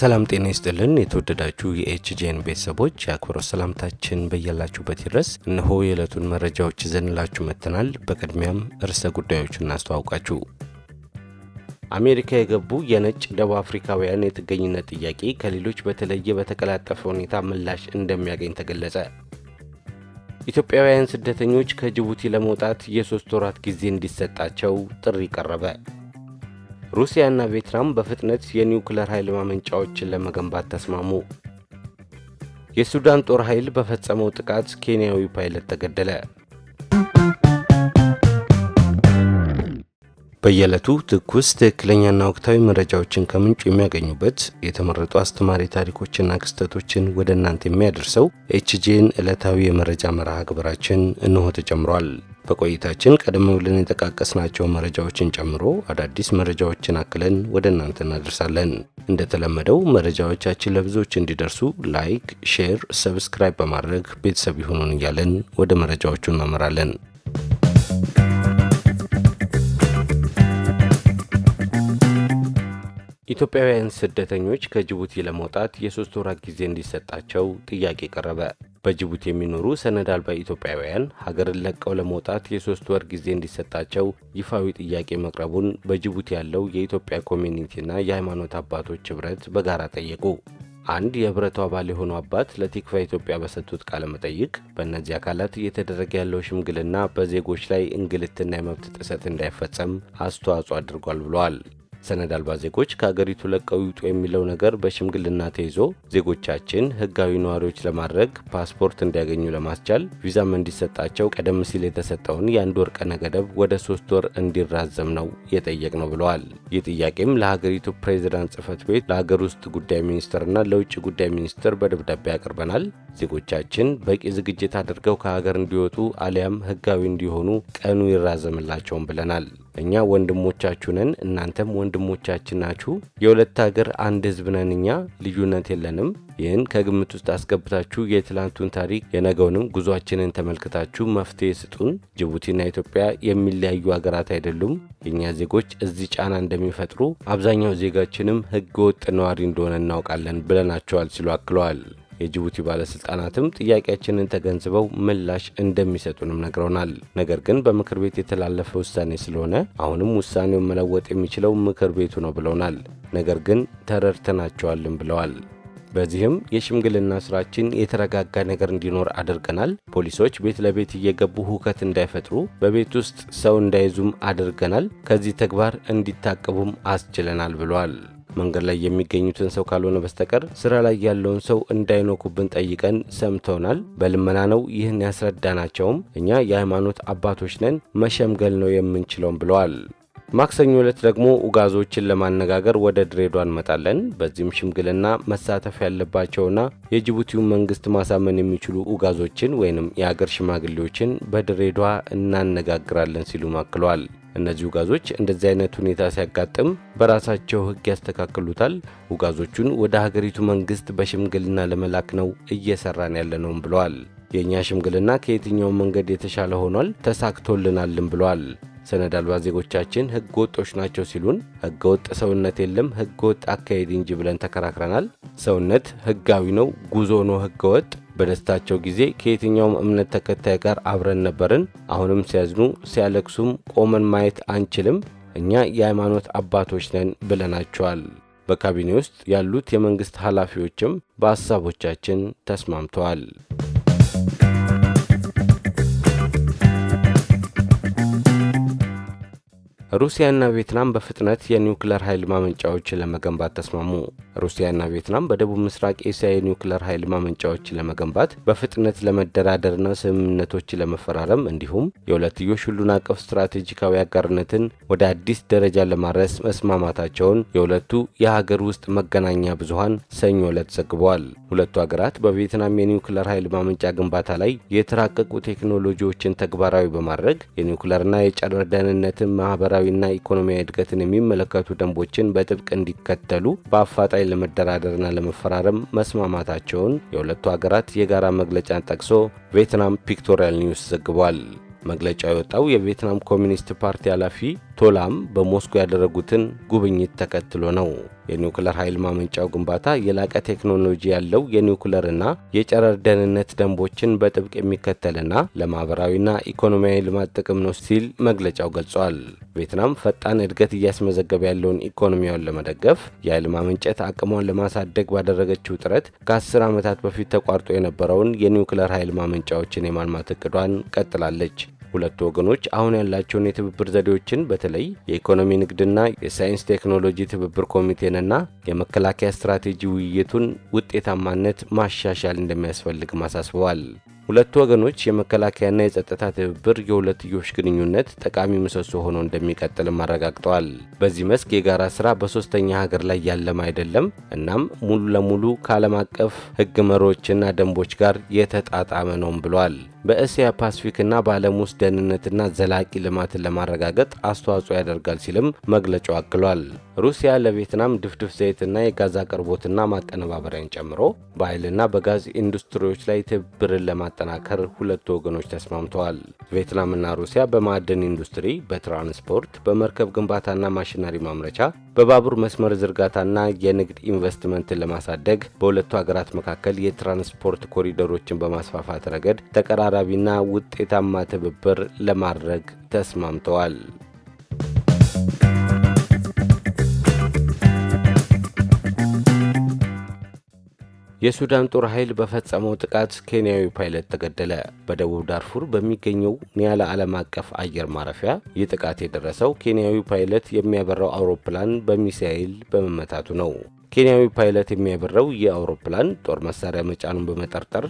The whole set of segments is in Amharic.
ሰላም ጤና ይስጥልን። የተወደዳችሁ የኤችጄን ቤተሰቦች የአክብሮት ሰላምታችን በያላችሁበት ይድረስ። እነሆ የዕለቱን መረጃዎች ይዘንላችሁ መጥተናል። በቅድሚያም ርዕሰ ጉዳዮቹን እናስተዋውቃችሁ። አሜሪካ የገቡ የነጭ ደቡብ አፍሪካውያን የጥገኝነት ጥያቄ ከሌሎች በተለየ በተቀላጠፈ ሁኔታ ምላሽ እንደሚያገኝ ተገለጸ። ኢትዮጵያውያን ስደተኞች ከጅቡቲ ለመውጣት የሦስት ወራት ጊዜ እንዲሰጣቸው ጥሪ ቀረበ። ሩሲያና ቬትናም በፍጥነት የኒውክለር ኃይል ማመንጫዎችን ለመገንባት ተስማሙ። የሱዳን ጦር ኃይል በፈጸመው ጥቃት ኬንያዊ ፓይለት ተገደለ። በየዕለቱ ትኩስ ትክክለኛና ወቅታዊ መረጃዎችን ከምንጩ የሚያገኙበት የተመረጡ አስተማሪ ታሪኮችና ክስተቶችን ወደ እናንተ የሚያደርሰው ኤችጄን ዕለታዊ የመረጃ መርሃ ግብራችን እንሆ ተጨምሯል። በቆይታችን ቀደም ብለን የጠቃቀስናቸው መረጃዎችን ጨምሮ አዳዲስ መረጃዎችን አክለን ወደ እናንተ እናደርሳለን። እንደተለመደው መረጃዎቻችን ለብዙዎች እንዲደርሱ ላይክ፣ ሼር፣ ሰብስክራይብ በማድረግ ቤተሰብ ይሁኑን እያለን ወደ መረጃዎቹ እናመራለን። ኢትዮጵያውያን ስደተኞች ከጅቡቲ ለመውጣት የሶስት ወራት ጊዜ እንዲሰጣቸው ጥያቄ ቀረበ። በጅቡቲ የሚኖሩ ሰነድ አልባ ኢትዮጵያውያን ሀገርን ለቀው ለመውጣት የሶስት ወር ጊዜ እንዲሰጣቸው ይፋዊ ጥያቄ መቅረቡን በጅቡቲ ያለው የኢትዮጵያ ኮሚኒቲና የሃይማኖት አባቶች ህብረት በጋራ ጠየቁ። አንድ የህብረቱ አባል የሆኑ አባት ለቲክፋ ኢትዮጵያ በሰጡት ቃለ መጠይቅ በእነዚህ አካላት እየተደረገ ያለው ሽምግልና በዜጎች ላይ እንግልትና የመብት ጥሰት እንዳይፈጸም አስተዋጽኦ አድርጓል ብለዋል። ሰነድ አልባ ዜጎች ከሀገሪቱ ለቀው ይውጡ የሚለው ነገር በሽምግልና ተይዞ ዜጎቻችን ህጋዊ ነዋሪዎች ለማድረግ ፓስፖርት እንዲያገኙ ለማስቻል ቪዛም እንዲሰጣቸው ቀደም ሲል የተሰጠውን የአንድ ወር ቀነ ገደብ ወደ ሶስት ወር እንዲራዘም ነው የጠየቅ ነው ብለዋል። ይህ ጥያቄም ለሀገሪቱ ፕሬዚዳንት ጽህፈት ቤት፣ ለሀገር ውስጥ ጉዳይ ሚኒስትርና ለውጭ ጉዳይ ሚኒስትር በደብዳቤ ያቀርበናል። ዜጎቻችን በቂ ዝግጅት አድርገው ከሀገር እንዲወጡ አሊያም ህጋዊ እንዲሆኑ ቀኑ ይራዘምላቸውም ብለናል። እኛ ወንድሞቻችሁ ነን፣ እናንተም ወንድሞቻችን ናችሁ። የሁለት ሀገር አንድ ህዝብ ነን። እኛ ልዩነት የለንም። ይህን ከግምት ውስጥ አስገብታችሁ የትላንቱን ታሪክ የነገውንም ጉዟችንን ተመልክታችሁ መፍትሄ ስጡን። ጅቡቲና ኢትዮጵያ የሚለያዩ ሀገራት አይደሉም። የእኛ ዜጎች እዚህ ጫና እንደሚፈጥሩ አብዛኛው ዜጋችንም ሕገ ወጥ ነዋሪ እንደሆነ እናውቃለን ብለናቸዋል ሲሉ አክለዋል። የጅቡቲ ባለስልጣናትም ጥያቄያችንን ተገንዝበው ምላሽ እንደሚሰጡንም ነግረውናል። ነገር ግን በምክር ቤት የተላለፈ ውሳኔ ስለሆነ አሁንም ውሳኔውን መለወጥ የሚችለው ምክር ቤቱ ነው ብለውናል። ነገር ግን ተረድተናቸዋልን ብለዋል። በዚህም የሽምግልና ስራችን የተረጋጋ ነገር እንዲኖር አድርገናል። ፖሊሶች ቤት ለቤት እየገቡ ሁከት እንዳይፈጥሩ፣ በቤት ውስጥ ሰው እንዳይዙም አድርገናል። ከዚህ ተግባር እንዲታቀቡም አስችለናል ብለዋል። መንገድ ላይ የሚገኙትን ሰው ካልሆነ በስተቀር ስራ ላይ ያለውን ሰው እንዳይኖኩብን ጠይቀን ሰምተውናል። በልመና ነው ይህን ያስረዳናቸውም። እኛ የሃይማኖት አባቶች ነን፣ መሸምገል ነው የምንችለውም ብለዋል። ማክሰኞ ዕለት ደግሞ ኡጋዞችን ለማነጋገር ወደ ድሬዷ እንመጣለን። በዚህም ሽምግልና መሳተፍ ያለባቸውና የጅቡቲውን መንግስት ማሳመን የሚችሉ ኡጋዞችን ወይንም የአገር ሽማግሌዎችን በድሬዷ እናነጋግራለን ሲሉ አክለዋል። እነዚህ ውጋዞች እንደዚህ አይነት ሁኔታ ሲያጋጥም በራሳቸው ህግ ያስተካክሉታል። ውጋዞቹን ወደ ሀገሪቱ መንግስት በሽምግልና ለመላክ ነው እየሰራን ያለነውም ብለዋል። የእኛ ሽምግልና ከየትኛው መንገድ የተሻለ ሆኗል፣ ተሳክቶልናልም ብለዋል። ሰነድ አልባ ዜጎቻችን ህገ ወጦች ናቸው ሲሉን ህገ ወጥ ሰውነት የለም ህገ ወጥ አካሄድ እንጂ ብለን ተከራክረናል። ሰውነት ህጋዊ ነው፣ ጉዞ ነው ህገ ወጥ በደስታቸው ጊዜ ከየትኛውም እምነት ተከታይ ጋር አብረን ነበርን። አሁንም ሲያዝኑ ሲያለቅሱም ቆመን ማየት አንችልም፣ እኛ የሃይማኖት አባቶች ነን ብለናቸዋል። በካቢኔ ውስጥ ያሉት የመንግሥት ኃላፊዎችም በሐሳቦቻችን ተስማምተዋል። ሩሲያና ቪየትናም በፍጥነት የኒውክለር ኃይል ማመንጫዎችን ለመገንባት ተስማሙ። ሩሲያና ቪየትናም በደቡብ ምስራቅ ኤስያ የኒውክለር ኃይል ማመንጫዎችን ለመገንባት በፍጥነት ለመደራደርና ስምምነቶችን ለመፈራረም እንዲሁም የሁለትዮሽ ሁሉን አቀፍ ስትራቴጂካዊ አጋርነትን ወደ አዲስ ደረጃ ለማድረስ መስማማታቸውን የሁለቱ የሀገር ውስጥ መገናኛ ብዙሀን ሰኞ ዕለት ዘግበዋል። ሁለቱ ሀገራት በቪየትናም የኒውክለር ኃይል ማመንጫ ግንባታ ላይ የተራቀቁ ቴክኖሎጂዎችን ተግባራዊ በማድረግ የኒውክለር የጨረር ደህንነትን ማህበራ ማህበራዊና ኢኮኖሚያዊ እድገትን የሚመለከቱ ደንቦችን በጥብቅ እንዲከተሉ በአፋጣኝ ለመደራደርና ለመፈራረም መስማማታቸውን የሁለቱ ሀገራት የጋራ መግለጫን ጠቅሶ ቬትናም ፒክቶሪያል ኒውስ ዘግቧል። መግለጫው የወጣው የቬትናም ኮሚኒስት ፓርቲ ኃላፊ ቶላም በሞስኮ ያደረጉትን ጉብኝት ተከትሎ ነው። የኒውክለር ኃይል ማመንጫው ግንባታ የላቀ ቴክኖሎጂ ያለው የኒውክለርና የጨረር ደህንነት ደንቦችን በጥብቅ የሚከተልና ለማህበራዊና ኢኮኖሚያዊ ልማት ጥቅም ነው ሲል መግለጫው ገልጿል። ቬትናም ፈጣን እድገት እያስመዘገበ ያለውን ኢኮኖሚያውን ለመደገፍ የኃይል ማመንጨት አቅሟን ለማሳደግ ባደረገችው ጥረት ከ10 ዓመታት በፊት ተቋርጦ የነበረውን የኒውክለር ኃይል ማመንጫዎችን የማልማት እቅዷን ቀጥላለች። ሁለቱ ወገኖች አሁን ያላቸውን የትብብር ዘዴዎችን በተለይ የኢኮኖሚ ንግድና የሳይንስ ቴክኖሎጂ ትብብር ኮሚቴንና የመከላከያ ስትራቴጂ ውይይቱን ውጤታማነት ማሻሻል እንደሚያስፈልግ አሳስበዋል። ሁለቱ ወገኖች የመከላከያና የጸጥታ ትብብር የሁለትዮሽ ግንኙነት ጠቃሚ ምሰሶ ሆኖ እንደሚቀጥልም አረጋግጠዋል። በዚህ መስክ የጋራ ስራ በሶስተኛ ሀገር ላይ ያለም አይደለም፣ እናም ሙሉ ለሙሉ ከዓለም አቀፍ ሕግ መሪዎችና ደንቦች ጋር የተጣጣመ ነውም ብሏል። በእስያ ፓሲፊክና በዓለም ውስጥ ደህንነትና ዘላቂ ልማትን ለማረጋገጥ አስተዋጽኦ ያደርጋል ሲልም መግለጫው አክሏል። ሩሲያ ለቬትናም ድፍድፍ ዘይትና የጋዝ አቅርቦትና ማቀነባበሪያን ጨምሮ በኃይልና በጋዝ ኢንዱስትሪዎች ላይ ትብብርን ለማጠናከር ሁለቱ ወገኖች ተስማምተዋል። ቬትናምና ሩሲያ በማዕድን ኢንዱስትሪ፣ በትራንስፖርት፣ በመርከብ ግንባታና ማሽነሪ ማምረቻ በባቡር መስመር ዝርጋታና የንግድ ኢንቨስትመንትን ለማሳደግ በሁለቱ ሀገራት መካከል የትራንስፖርት ኮሪደሮችን በማስፋፋት ረገድ ተቀራራቢና ውጤታማ ትብብር ለማድረግ ተስማምተዋል። የሱዳን ጦር ኃይል በፈጸመው ጥቃት ኬንያዊ ፓይለት ተገደለ። በደቡብ ዳርፉር በሚገኘው ኒያላ ዓለም አቀፍ አየር ማረፊያ ይህ ጥቃት የደረሰው ኬንያዊ ፓይለት የሚያበራው አውሮፕላን በሚሳኤል በመመታቱ ነው። ኬንያዊ ፓይለት የሚያበራው ይህ አውሮፕላን ጦር መሳሪያ መጫኑን በመጠርጠር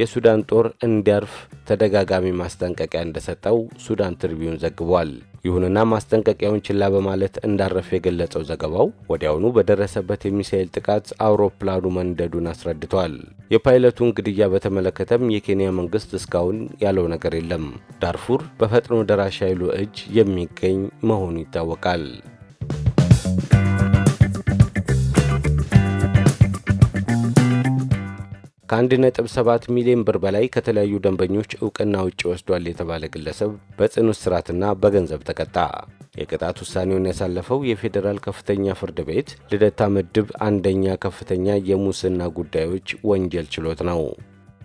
የሱዳን ጦር እንዲያርፍ ተደጋጋሚ ማስጠንቀቂያ እንደሰጠው ሱዳን ትሪቢዩን ዘግቧል። ይሁንና ማስጠንቀቂያውን ችላ በማለት እንዳረፈ የገለጸው ዘገባው ወዲያውኑ በደረሰበት የሚሳኤል ጥቃት አውሮፕላኑ መንደዱን አስረድቷል። የፓይለቱን ግድያ በተመለከተም የኬንያ መንግስት እስካሁን ያለው ነገር የለም። ዳርፉር በፈጥኖ ደራሽ ኃይሉ እጅ የሚገኝ መሆኑ ይታወቃል። ከ1.7 ሚሊዮን ብር በላይ ከተለያዩ ደንበኞች እውቅና ውጭ ወስዷል የተባለ ግለሰብ በጽኑ እስራትና በገንዘብ ተቀጣ። የቅጣት ውሳኔውን ያሳለፈው የፌዴራል ከፍተኛ ፍርድ ቤት ልደታ ምድብ አንደኛ ከፍተኛ የሙስና ጉዳዮች ወንጀል ችሎት ነው።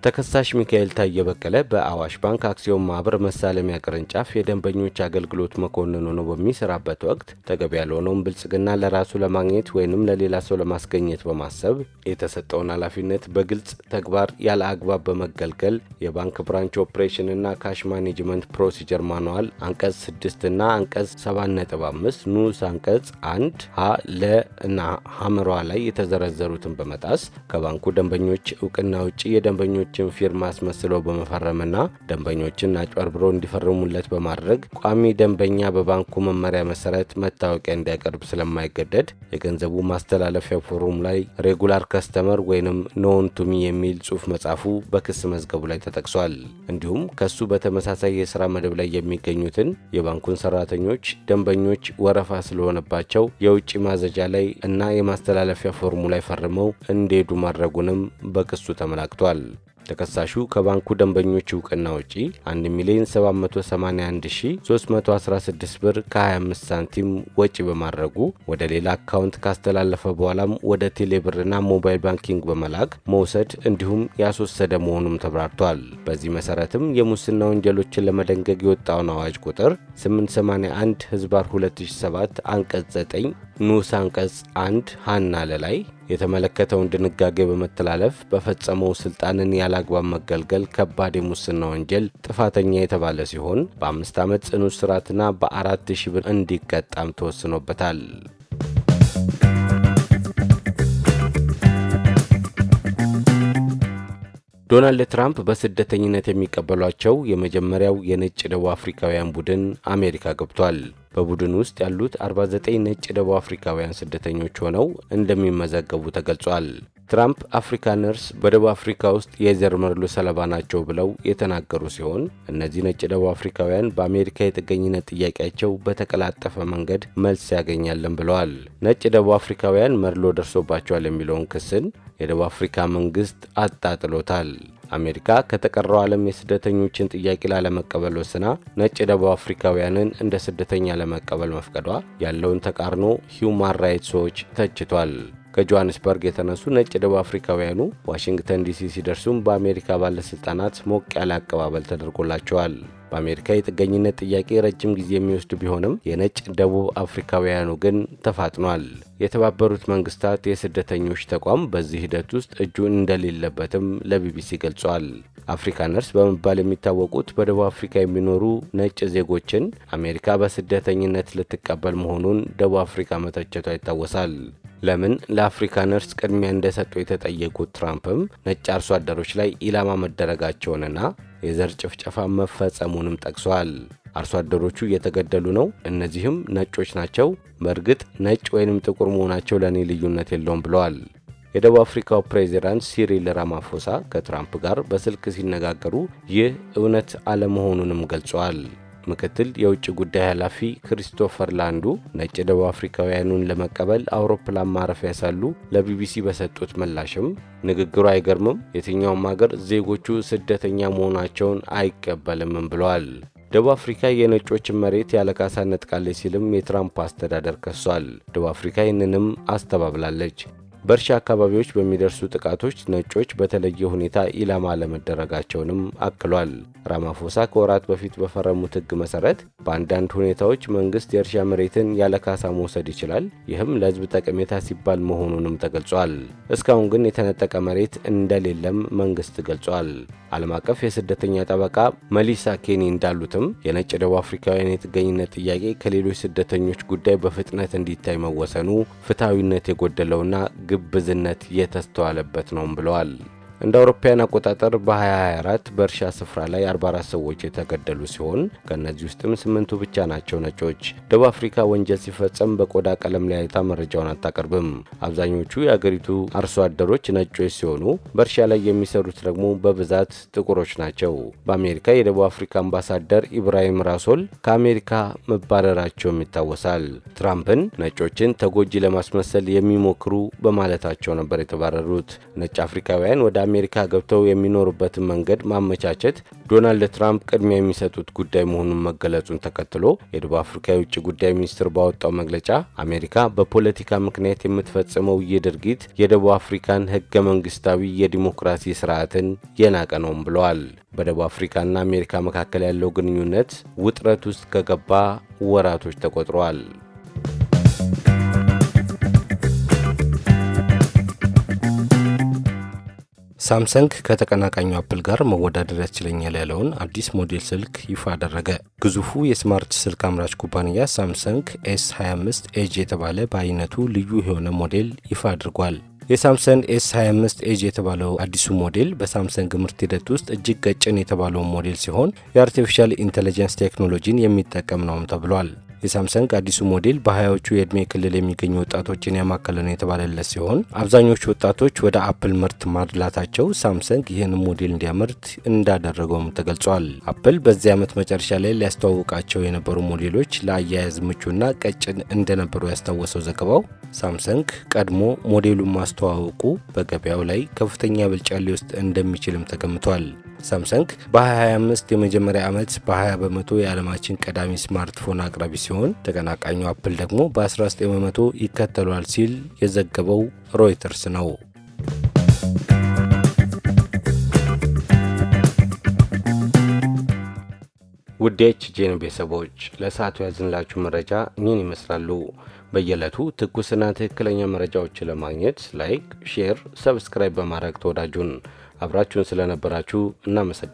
ተከሳሽ ሚካኤል ታየ በቀለ በአዋሽ ባንክ አክሲዮን ማህበር መሳለሚያ ቅርንጫፍ የደንበኞች አገልግሎት መኮንን ሆኖ በሚሰራበት ወቅት ተገቢ ያልሆነውን ብልጽግና ለራሱ ለማግኘት ወይንም ለሌላ ሰው ለማስገኘት በማሰብ የተሰጠውን ኃላፊነት በግልጽ ተግባር ያለ አግባብ በመገልገል የባንክ ብራንች ኦፕሬሽንና ካሽ ማኔጅመንት ፕሮሲጀር ማኑዋል አንቀጽ 6 ና አንቀጽ 7.5 ንዑስ አንቀጽ 1 ሀ ለ እና ሀመሯ ላይ የተዘረዘሩትን በመጣስ ከባንኩ ደንበኞች እውቅና ውጭ የደንበኞች የደንበኞችን ፊርማ አስመስለው በመፈረምና ደንበኞችን አጭበርብሮ እንዲፈርሙለት በማድረግ ቋሚ ደንበኛ በባንኩ መመሪያ መሰረት መታወቂያ እንዲያቀርብ ስለማይገደድ የገንዘቡ ማስተላለፊያ ፎርም ላይ ሬጉላር ከስተመር ወይንም ኖን ቱሚ የሚል ጽሑፍ መጻፉ በክስ መዝገቡ ላይ ተጠቅሷል። እንዲሁም ከሱ በተመሳሳይ የስራ መደብ ላይ የሚገኙትን የባንኩን ሰራተኞች ደንበኞች ወረፋ ስለሆነባቸው የውጭ ማዘጃ ላይ እና የማስተላለፊያ ፎርሙ ላይ ፈርመው እንዲሄዱ ማድረጉንም በክሱ ተመላክቷል። ተከሳሹ ከባንኩ ደንበኞች እውቅና ውጪ 1 ሚሊዮን 316 ብር ከ25 ሳንቲም ወጪ በማድረጉ ወደ ሌላ አካውንት ካስተላለፈ በኋላም ወደ ቴሌብርና ሞባይል ባንኪንግ በመላክ መውሰድ እንዲሁም ያስወሰደ መሆኑም ተብራርቷል። በዚህ መሰረትም የሙስና ወንጀሎችን ለመደንገግ የወጣውን አዋጅ ቁጥር 881 ህዝባር 2007 አንቀጽ 9 ንዑስ አንቀጽ 1 ሀና ለላይ የተመለከተውን ድንጋጌ በመተላለፍ በፈጸመው ስልጣንን ያላግባብ መገልገል ከባድ የሙስና ወንጀል ጥፋተኛ የተባለ ሲሆን በአምስት ዓመት ጽኑ እስራትና በአራት ሺህ ብር እንዲቀጣም ተወስኖበታል። ዶናልድ ትራምፕ በስደተኝነት የሚቀበሏቸው የመጀመሪያው የነጭ ደቡብ አፍሪካውያን ቡድን አሜሪካ ገብቷል። በቡድን ውስጥ ያሉት 49 ነጭ ደቡብ አፍሪካውያን ስደተኞች ሆነው እንደሚመዘገቡ ተገልጿል። ትራምፕ አፍሪካነርስ በደቡብ አፍሪካ ውስጥ የዘር መድሎ ሰለባ ናቸው ብለው የተናገሩ ሲሆን እነዚህ ነጭ ደቡብ አፍሪካውያን በአሜሪካ የጥገኝነት ጥያቄያቸው በተቀላጠፈ መንገድ መልስ ያገኛለን ብለዋል። ነጭ ደቡብ አፍሪካውያን መድሎ ደርሶባቸዋል የሚለውን ክስን የደቡብ አፍሪካ መንግስት አጣጥሎታል። አሜሪካ ከተቀረው ዓለም የስደተኞችን ጥያቄ ላለመቀበል ወስና ነጭ ደቡብ አፍሪካውያንን እንደ ስደተኛ ለመቀበል መፍቀዷ ያለውን ተቃርኖ ሂውማን ራይትስ ዎች ተችቷል። ከጆሃንስበርግ የተነሱ ነጭ ደቡብ አፍሪካውያኑ ዋሽንግተን ዲሲ ሲደርሱም በአሜሪካ ባለሥልጣናት ሞቅ ያለ አቀባበል ተደርጎላቸዋል። በአሜሪካ የጥገኝነት ጥያቄ ረጅም ጊዜ የሚወስድ ቢሆንም የነጭ ደቡብ አፍሪካውያኑ ግን ተፋጥኗል። የተባበሩት መንግስታት የስደተኞች ተቋም በዚህ ሂደት ውስጥ እጁ እንደሌለበትም ለቢቢሲ ገልጿል። አፍሪካነርስ በመባል የሚታወቁት በደቡብ አፍሪካ የሚኖሩ ነጭ ዜጎችን አሜሪካ በስደተኝነት ልትቀበል መሆኑን ደቡብ አፍሪካ መተቸቷ ይታወሳል። ለምን ለአፍሪካነርስ ቅድሚያ እንደሰጡ የተጠየቁት ትራምፕም ነጭ አርሶ አደሮች ላይ ኢላማ መደረጋቸውንና የዘር ጭፍጨፋ መፈጸሙንም ጠቅሷል። አርሶ አደሮቹ እየተገደሉ ነው፣ እነዚህም ነጮች ናቸው። በእርግጥ ነጭ ወይንም ጥቁር መሆናቸው ለእኔ ልዩነት የለውም ብለዋል። የደቡብ አፍሪካው ፕሬዚዳንት ሲሪል ራማፎሳ ከትራምፕ ጋር በስልክ ሲነጋገሩ ይህ እውነት አለመሆኑንም ገልጿል። ምክትል የውጭ ጉዳይ ኃላፊ ክሪስቶፈር ላንዱ ነጭ ደቡብ አፍሪካውያኑን ለመቀበል አውሮፕላን ማረፊያ ሳሉ ለቢቢሲ በሰጡት ምላሽም ንግግሩ አይገርምም፣ የትኛውም ሀገር ዜጎቹ ስደተኛ መሆናቸውን አይቀበልምም ብለዋል። ደቡብ አፍሪካ የነጮችን መሬት ያለካሳ ነጥቃለች ሲልም የትራምፕ አስተዳደር ከሷል። ደቡብ አፍሪካ ይህንንም አስተባብላለች። በእርሻ አካባቢዎች በሚደርሱ ጥቃቶች ነጮች በተለየ ሁኔታ ኢላማ ለመደረጋቸውንም አክሏል። ራማፎሳ ከወራት በፊት በፈረሙት ሕግ መሰረት በአንዳንድ ሁኔታዎች መንግስት የእርሻ መሬትን ያለ ካሳ መውሰድ ይችላል። ይህም ለሕዝብ ጠቀሜታ ሲባል መሆኑንም ተገልጿል። እስካሁን ግን የተነጠቀ መሬት እንደሌለም መንግስት ገልጿል። ዓለም አቀፍ የስደተኛ ጠበቃ መሊሳ ኬኒ እንዳሉትም የነጭ ደቡብ አፍሪካውያን የጥገኝነት ጥያቄ ከሌሎች ስደተኞች ጉዳይ በፍጥነት እንዲታይ መወሰኑ ፍትሐዊነት የጎደለውና ግብዝነት የተስተዋለበት ነውም ብለዋል። እንደ አውሮፓውያን አቆጣጠር በ2024 በእርሻ ስፍራ ላይ 44 ሰዎች የተገደሉ ሲሆን ከእነዚህ ውስጥም ስምንቱ ብቻ ናቸው ነጮች። ደቡብ አፍሪካ ወንጀል ሲፈጸም በቆዳ ቀለም ለያይታ መረጃውን አታቀርብም። አብዛኞቹ የአገሪቱ አርሶ አደሮች ነጮች ሲሆኑ በእርሻ ላይ የሚሰሩት ደግሞ በብዛት ጥቁሮች ናቸው። በአሜሪካ የደቡብ አፍሪካ አምባሳደር ኢብራሂም ራሶል ከአሜሪካ መባረራቸውም ይታወሳል። ትራምፕን ነጮችን ተጎጂ ለማስመሰል የሚሞክሩ በማለታቸው ነበር የተባረሩት። ነጭ አፍሪካውያን ወደ አሜሪካ ገብተው የሚኖሩበትን መንገድ ማመቻቸት ዶናልድ ትራምፕ ቅድሚያ የሚሰጡት ጉዳይ መሆኑን መገለጹን ተከትሎ የደቡብ አፍሪካ የውጭ ጉዳይ ሚኒስትር ባወጣው መግለጫ አሜሪካ በፖለቲካ ምክንያት የምትፈጽመው ይህ ድርጊት የደቡብ አፍሪካን ህገ መንግስታዊ የዲሞክራሲ ስርዓትን የናቀ ነውም ብለዋል። በደቡብ አፍሪካና አሜሪካ መካከል ያለው ግንኙነት ውጥረት ውስጥ ከገባ ወራቶች ተቆጥረዋል። ሳምሰንግ ከተቀናቃኙ አፕል ጋር መወዳደር ያስችለኛል ያለውን አዲስ ሞዴል ስልክ ይፋ አደረገ። ግዙፉ የስማርት ስልክ አምራች ኩባንያ ሳምሰንግ ኤስ 25 ኤጅ የተባለ በአይነቱ ልዩ የሆነ ሞዴል ይፋ አድርጓል። የሳምሰንግ ኤስ 25 ኤጅ የተባለው አዲሱ ሞዴል በሳምሰንግ ምርት ሂደት ውስጥ እጅግ ቀጭን የተባለውን ሞዴል ሲሆን የአርቲፊሻል ኢንቴሊጀንስ ቴክኖሎጂን የሚጠቀም ነውም ተብሏል። የሳምሰንግ አዲሱ ሞዴል በሀያዎቹ የእድሜ ክልል የሚገኙ ወጣቶችን ያማከለ ነው የተባለለት ሲሆን አብዛኞቹ ወጣቶች ወደ አፕል ምርት ማድላታቸው ሳምሰንግ ይህንን ሞዴል እንዲያመርት እንዳደረገውም ተገልጿል። አፕል በዚህ ዓመት መጨረሻ ላይ ሊያስተዋውቃቸው የነበሩ ሞዴሎች ለአያያዝ ምቹና ቀጭን እንደነበሩ ያስታወሰው ዘገባው ሳምሰንግ ቀድሞ ሞዴሉን ማስተዋወቁ በገበያው ላይ ከፍተኛ ብልጫ ሊወስድ እንደሚችልም ተገምቷል። ሳምሰንግ በ2025 የመጀመሪያ ዓመት በ20 በመቶ የዓለማችን ቀዳሚ ስማርትፎን አቅራቢ ሲሆን ተቀናቃኙ አፕል ደግሞ በ19 በመቶ ይከተሏል ሲል የዘገበው ሮይተርስ ነው። ውዴች ጄን ቤተሰቦች ለሰዓቱ ያዝንላችሁ መረጃ እኚህን ይመስላሉ። በየዕለቱ ትኩስና ትክክለኛ መረጃዎችን ለማግኘት ላይክ፣ ሼር፣ ሰብስክራይብ በማድረግ ተወዳጁን አብራችሁን ስለነበራችሁ እናመሰግናለን።